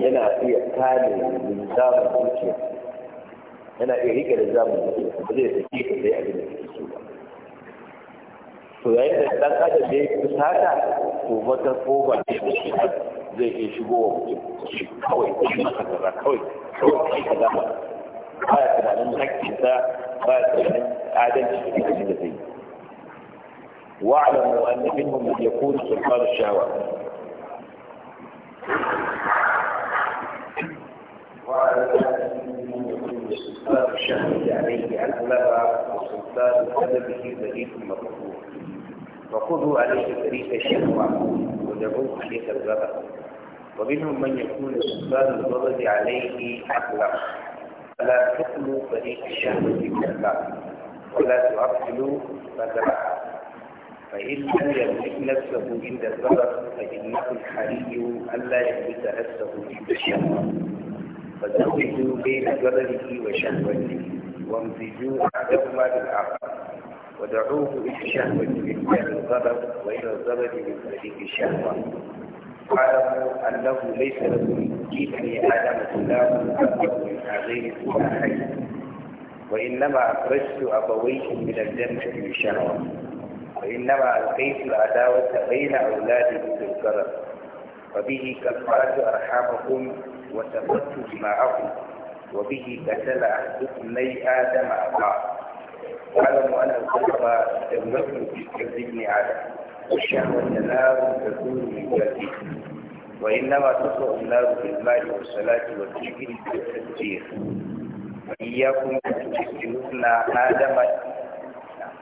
هنا في الثاني من زام الزكية هنا في هيك الزام الزكية بدأت تكيك الزيئة من الزكية to yayin da dan adam ya yi fusata to wata kofa ne da shi zai iya shigo wa mutum kawai shi masa kaza kawai kawai kai ka zama ba ya tunanin hakkinsa ba ya tunanin adalci da kuma da zai واعلموا أن منهم من يكون سلطان الشهوات الشهوة عليه أغلب وسلطان أدبه ذليل مقبول فخذوا عليه فريق الشكوى ودعوه عليه الغضب ومنهم من يكون سلطان الغضب عليه عقلا فلا تقلوا فريق الشهوة كلا ولا تعقلوا فزرعا فإن لم يملك نفسه عند الغضب فإنه الحري ألا يملك نفسه عند الشهوة فزوجوا بين غضبه وشهوته وامزجوا أحدهما بالآخر ودعوه إلى بالشهوة بالفعل الغضب وإلى الغضب بالفعل الشهوة واعلموا أنه ليس لكم في بني آدم سلام أكبر من هذين الأمرين وإنما أخرجت أبويه من الجنة بشهوة وإنما ألقيت العداوة بين أولادي بالغضب. وبه كفرت أرحامكم وسببت جماعكم وبه كسل أحدكم لي آدم أباه واعلم أن الكفر يملك كالابن عادة والشهوة نار تكون من جلده وإنما تصلح النار بالماء والصلاة والذكر والتدبير وإياكم أن تشركون آدم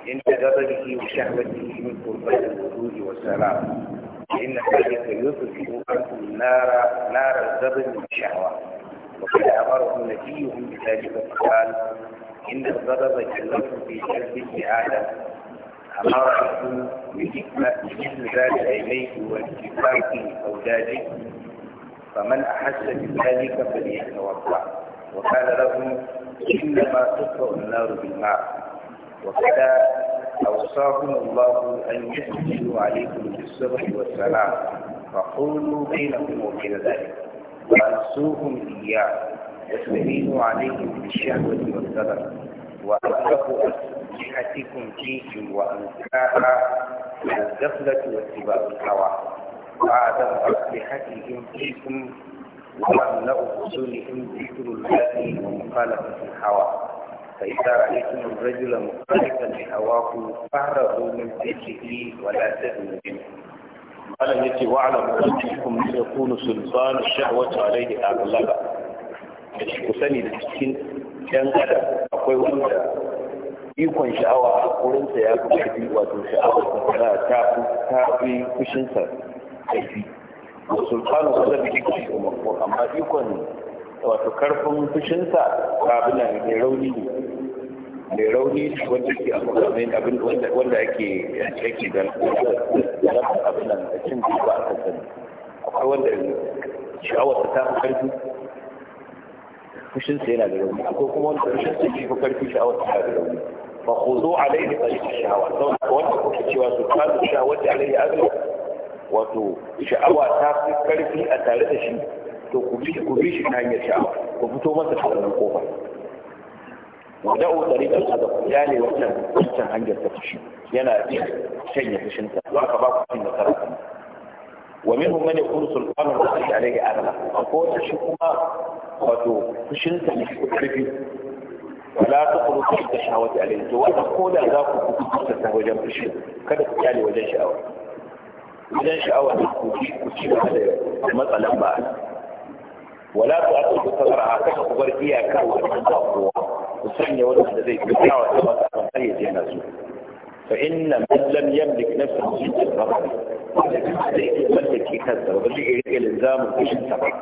عند غضبه وشهوته من قربة الوجود والسلام فإن ذلك يطفئ عنكم النار نار الغضب والشهوة وقد أمرهم نبيهم بذلك فقال إن الغضب جلته في قلب ابن آدم رأيتم بحكمة مثل ذلك إليه أو ذلك فمن أحس بذلك فليتوضأ وقال لهم إنما تطفأ النار بالماء وكذا أوصاكم الله أن يسجدوا عليكم بالصبح والسلام فقولوا بينكم وبين ذلك وأنسوهم إياه يستهين عليهم بالشهوة والسبب وأطلقوا أسلحتكم فيهم من الغفلة واتباع الهوى وأعظم أسلحتهم فيكم وأملأ حصولهم ذكر الله ومخالفة الهوى فإذا رأيتم الرجل مخالفا لهواه فاهربوا من ذكره ولا تدنوا منه قال التي واعلم أنكم يكون سلطان الشهوة عليه أغلبا ku sani da cikin yan adam akwai wanda ikon sha'awa a kurinsa ya fi ƙarfi wato sha'awar sa ta fi kushinsa ƙarfi wa sultanu ko zafi ikon shi amma ikon wato karfin fushinsa abin da mai rauni ne mai rauni ne wanda ke amfani abin wanda ake yake da abin nan a cin ba a kasar akwai wanda sha'awar ta fi ƙarfi fushin sa yana da rauni akwai kuma wanda fushin sa shi fa karfi sha'awar ta da rauni fa khudu alaihi tariq shawa saboda wanda kuke cewa su kazu sha'awati alaihi agla wato sha'awa ta fi karfi a tare da shi to ku bi ku bi shi ta hanyar sha'awa ku fito masa ta wannan kofa wada'u tariq al-adab ya ne wannan wancan hanyar ta fushi yana iya shanye fushinsa za ka ba ku cin nasara wa minhum man yakunu da alaihi alaihi adala ko ta shi kuma wato fushin sa ne ko karfi wala ta taqulu ta shahawati alaihi to wannan ko da za ku ku kusa wajen fushi kada ku kyale wajen sha'awa wajen sha'awa ne ku ci ku ci gaba da matsalan ba wala tu atu ku tsara kada ku bar iyakar wannan kowa ku sanya da zai fi kyawa da masa kan sai ya je na su فإن من لم يملك نفسه شدة الرغبة ليس يملك كنزة وبدي يريد الإلزام في السبع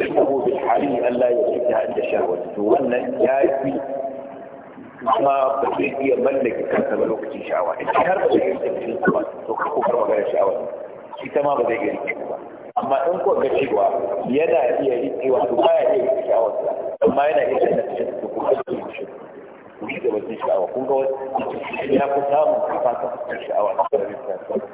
إنه بالحالي أن لا يملكها عند شهوة وأن يأتي ما بدي يملك كنزة ملوك شهوة الشهر بدي يملك في السبع وكفر وغير شهوة ita ma ba zai iya rike ba amma in ko ga cewa yana iya rikewa to baya iya rike shawarsa amma yana iya rike da cikin kuma da cikin ku yi da wajen sha'awa kun ga wani ya fi samun kafa ta fuskar sha'awa a cikin rikta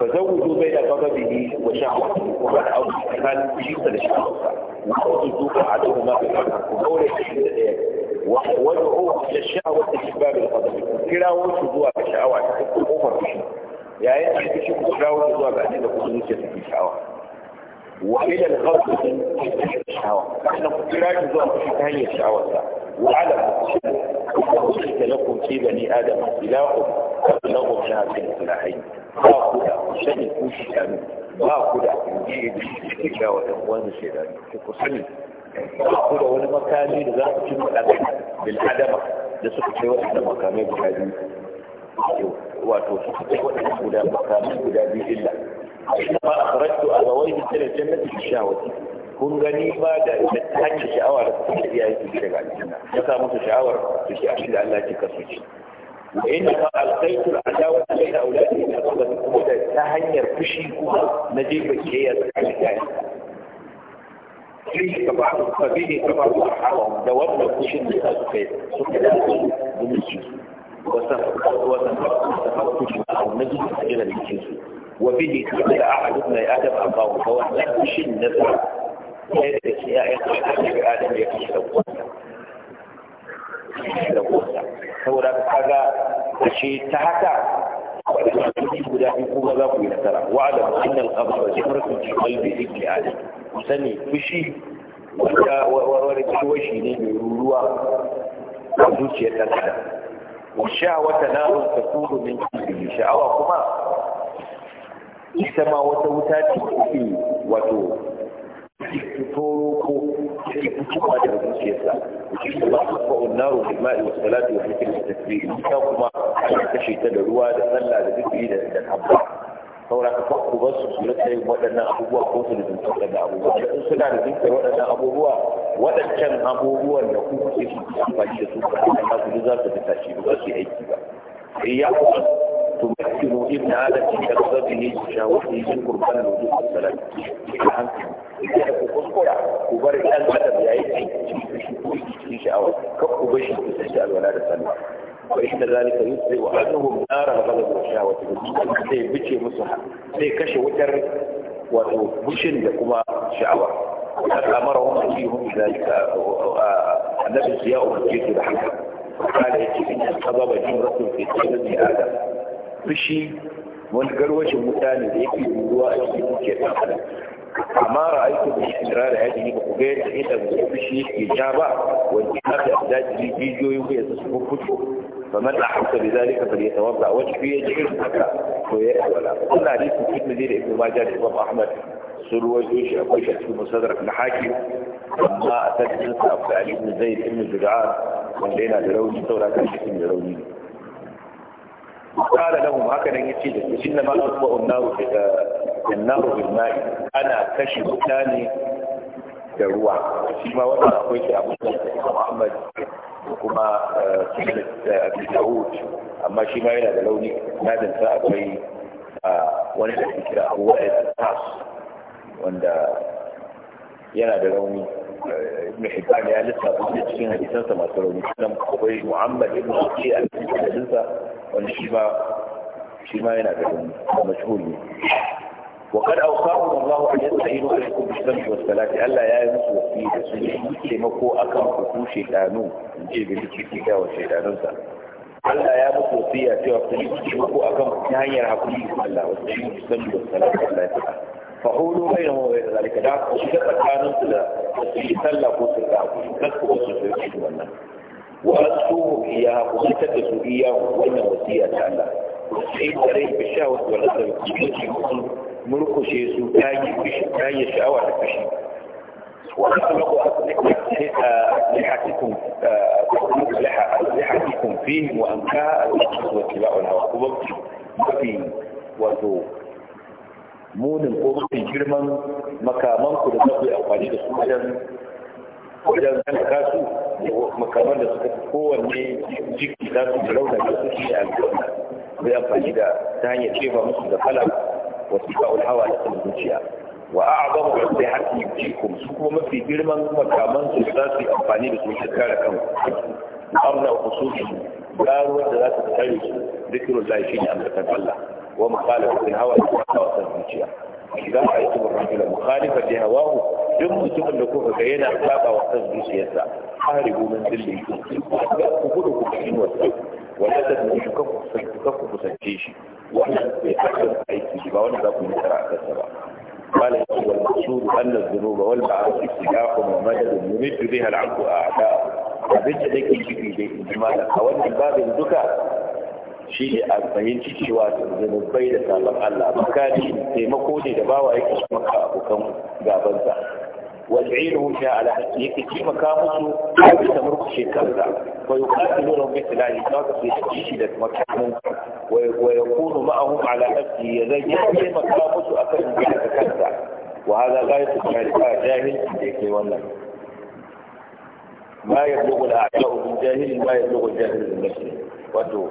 فزودوا بين غضبه وشهوته ومن أوصى كان يجيب لشهوته وأوصدوا أحدهما بالحكم قول الشهوة وادعوا إلى الشهوة لأسباب الغضب كلا وصدوا بشهوة تكون أخرى يا أنت تشوف كلا وصدوا بعدين تكون نسيت في شهوة وإلى الغرب من الشهوات نحن فإحنا قدرات الزوء في ثانية الشهوة وعلى وأحيث لكم في بني آدم سلاحهم فبلغوا من هذه السلاحين باكدا وشني كوشي كانوا باكدا يجيب الشهوة وإخوان الشيطان تقصني باكدا والمكاني لذلك تنمى الأبعاد بالعدم لسوف شوى إحنا مكامي بهذه wato suka ce waɗanda guda makamin حينما أخرجت أبوي من الجنه في بالشهوة كن غني ما دائما حتى شعوة في الشيء في الشيء على الجنة متى موت شعوة في الشيء أشهد أن لا تكفيش وإن ألقيت العداوة بين أولادي من أرضة الكبوتة تهنر كشي كوها نجيب الشيء على الجنة فيه طبعا فبيه طبعا أرحمهم دوابنا كشي النساء في سكرة بمسجد وسنفقت وسنفقت وسنفقت وسنفقت وسنفقت وسنفقت وسنفقت وسنفقت وبه قتل أحد ابن آدم أباه فوالله شن نزل ذلك يا إخوة آدم يكشف وسع saboda ka kaga ashe ta haka wadanda guda in kuma za ku yi nasara wa'ada annal qabr jamratun fi qalbi ibni adam sani fushi wanda wani ciwashi ne mai ruruwa a zuciyar ɗan adam wa sha'awa ta narun ta tudu min sha'awa kuma ita ma wata wuta ce ke wato fitoro ko ke fitowa daga zuciyarsa shi ba su fa unnaru bil ma'i wa salati wa zikri wa tasbih ita kuma ana kashe ta da ruwa da sallah da zikri da da kabba saura ka fakku ba su su rika yin waɗannan abubuwa ko su rubuta daga abubuwa da in suna rubuta waɗannan abubuwa waɗancan abubuwan da ku kuke su amfani da su ba za su za su fita shi ba za su yi aiki ba. Iya kuma تمكن ابن ادم من كتبه وتشاوره من قربان الوجود والسلام وإن ذلك يسري وحدهم نار غضب الشهوة زي بشي مصحى زي كش وتر وبشن لكما شعوة أمرهم فيهم ذلك النبي سياء الجيش جيس الحمد قال إن الغضب جمرة في سيدنا آدم fushi wani garwashin mutane da yake ruwa a cikin dukiyar ɗan adam amma ra'aitu da istirara hadi ba ku ga yadda ita da fushi yake ja ba wani har da dajiri bidiyoyin ku yanzu su fito kamar da hausa da zalika fa ya tawabba wani fiye da irin haka to ya wala wannan hadisin ibnu zai da ibnu majah da imam ahmad sun ruwaito shi akwai shi a cikin musadar na hakim amma a tattalin sa akwai ali zai zaid ibn zura'an wanda yana da rauni saura kan shi da rauni ne قال لهم هكذا يتيجد إنما أطبع النار النار بالماء أنا كشف ثاني دروا فيما وضع أخويت أبو محمد وكما سنة أبي داود أما ما إلى دلوني ماذا انسى أخوي وانا أفكر هو الأساس وانا يلا da ibn hibban ya lissafa da cikin hadisansa masu rauni nan akwai muhammad ibn aki a cikin hadisansa wanda shi ma shi ma yana da rauni mashhur ne وقد أوصاهم الله أن يستعينوا عليكم بالشمس والصلاة ألا يا يمس وفيه سنين يمكو أكم كفو شيطانو نجيب الكتابة وشيطانو Allah ya muku wasiya cewa ku yi ku akan hanyar hakuri da Allah wasu shi musamman da salatu Allah ya faɗa فقولوا بينه وبين ذلك لا شكت كانوا تسلى لا نسكوا سفرين ولا وأنتوهم إياها وستدسوا إياه وإن وسيئة تعالى وسعيد عليه بالشهوة والأسر بالتشكيش يقول ملك شيسو تاي الشهوة تكشي وأطلقوا أسلحتكم أسلحتكم فيه وأنكاها الأسر واتباع الهواء وبكي وفي وذوق munin ko mafi girman makaman ku da za su yi amfani da su wajen wajen halaka su da makaman da suka fi kowanne jiki za su da raunaka su shi ne aljanna zai amfani da ta hanyar jefa musu da fala wasu ka'ul hawa da sun zuciya wa a ba mu sai har su yi su kuma mafi girman makaman su za su yi amfani da su shi kare kanku amma hususi garuwar da za su kare su zikirun lafi ne amsakar Allah wa mukhalafatin hawa da wasan zuciya idan a yi tubin rajula mukhalifar da hawau duk mutumin da kuka ga yana saba wa san zuciyarsa haribu min zillin ku gudu ku cikin wasu wanda da mu shi kanku kanku kusance shi wannan bai taɓa aiki ba wanda za ku yi nasara a kansa ba قال والمقصود أن الذنوب والمعاصي سلاح ومدد يمد بها a أعداءه abin da nake ciki dai in a wannan babin duka shi ne a fahimci cewa zunubai da sabon Allah bukari taimako ne da bawa yake su maka abokan gabanta wal'ilu hun sha ala haƙi yake maka musu a bisa murkushe kansa ko yi kwasi nuna mai tilani ta wata sai ta shi da makamun waya kunu ma'ahu ala haƙi ya zai yi ce a kan gina da kansa wa za su kari ba jahilci da ke wannan ba ya zuwa jahilin ba ya jahilin mashi wato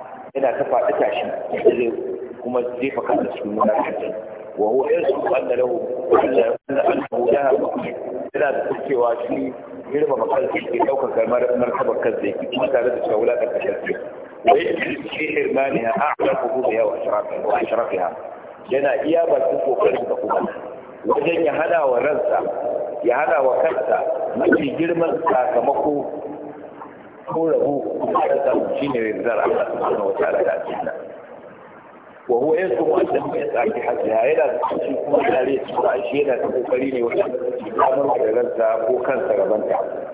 yana ta faɗi tashi da zai kuma jefa kansa cikin munafici wa huwa yasu anna lahu anna annahu la yana da cewa shi girma makal ke daukar kalmar martabar kansa yake kuma tare da cewa wulaƙar kasar ce wa yake shi hirmaniya a'lamu biha wa ashrafiha yana iya ba su kokarin da kuma wajen ya hana wa ransa ya hana wa kansa mafi girman sakamako ko rabu da kan shi ne zara Allah subhanahu wa ta da وهو يزعم انه يسعى في حجها الى الشيء الذي يسعى شيئا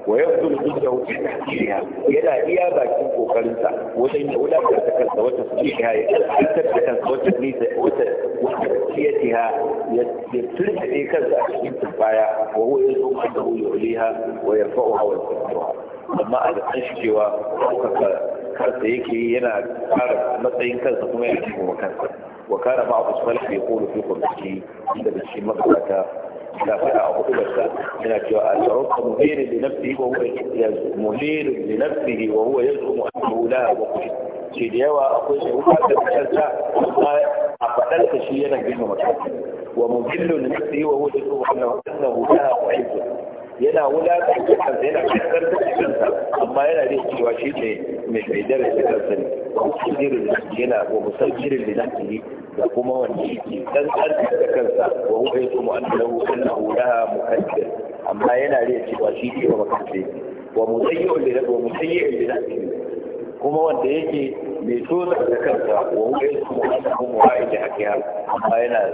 ويبذل جهده في تحسينها الى ايابه كوكو كالنسا ولين ولا تتكلم وتصديقها الى تتكلم وتثبيتها يتلف في كذا اشهر تبايا وهو يزعم انه يعليها ويرفعها ويستمرها اما على الشيء kansa yake yana kara matsayin kansa kuma yana cikin wa kansa wa kara ba abu sumar bai kolo fi kwamfuki inda da shi makarata ta faɗa a hudu barsa yana cewa a tsarauta muhirin da nafi wa huwa ya muhirin da nafi wa huwa ya zumu a tsohula a bakwai ce da yawa akwai shi wuka da kansa amma a faɗarsa shi yana girma mutum wa muhillu da nafi wa huwa ya zumu a tsohula a bakwai yana da kansa yana kasar da kansa amma yana da cewa shi ne mai mai daraja kansa ne musajirin yana wa jirin da nafsihi da kuma wani shi yake dan tsarkake kansa wa huwa yasmu annahu na la mukaddar amma yana da cewa shi ne wa kansa wa musayyar da wa musayyi'un da kuma wanda yake mai tozar da kansa wa kuma yasmu annahu mu'ayyidu hakiya amma yana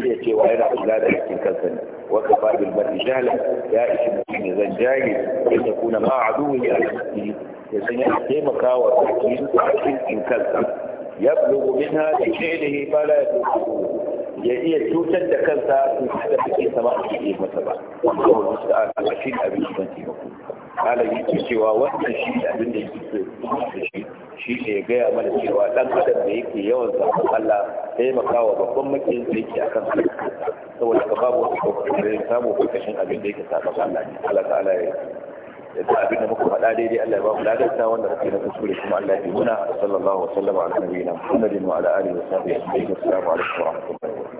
zai cewa yana kula da hakkin kansa ne وكفى بالمرء جهلا يا إشي مسلم زن جاهل أن يكون مع عدوه على نفسه يسنع كيمكا وتحكيم تحكيم إن كذب يبلغ منها بفعله فلا يبلغه ya iya cutar da kansa in haɗa da ke sama a cikin masa ba. Wanda wani sa'ad a cikin abin shi ban taimako. malami ke cewa wannan shi da abin da yake so shi shi ne ya gaya mana cewa dan adam da yake yawan zaɓen Allah taimaka wa babban makin da yake akan su saboda ka babu wani kokarin da ya samu kokashin abin da yake saɓa Allah Allah ta'ala ya da ta abin da muka faɗa daidai Allah ya ba mu ladarta wanda muke na kusuri kuma Allah ya yi muna sallallahu alaihi wa sallam ala nabiyina Muhammadin wa ala alihi wa sahbihi assalamu alaikum wa rahmatullahi wa barakatuh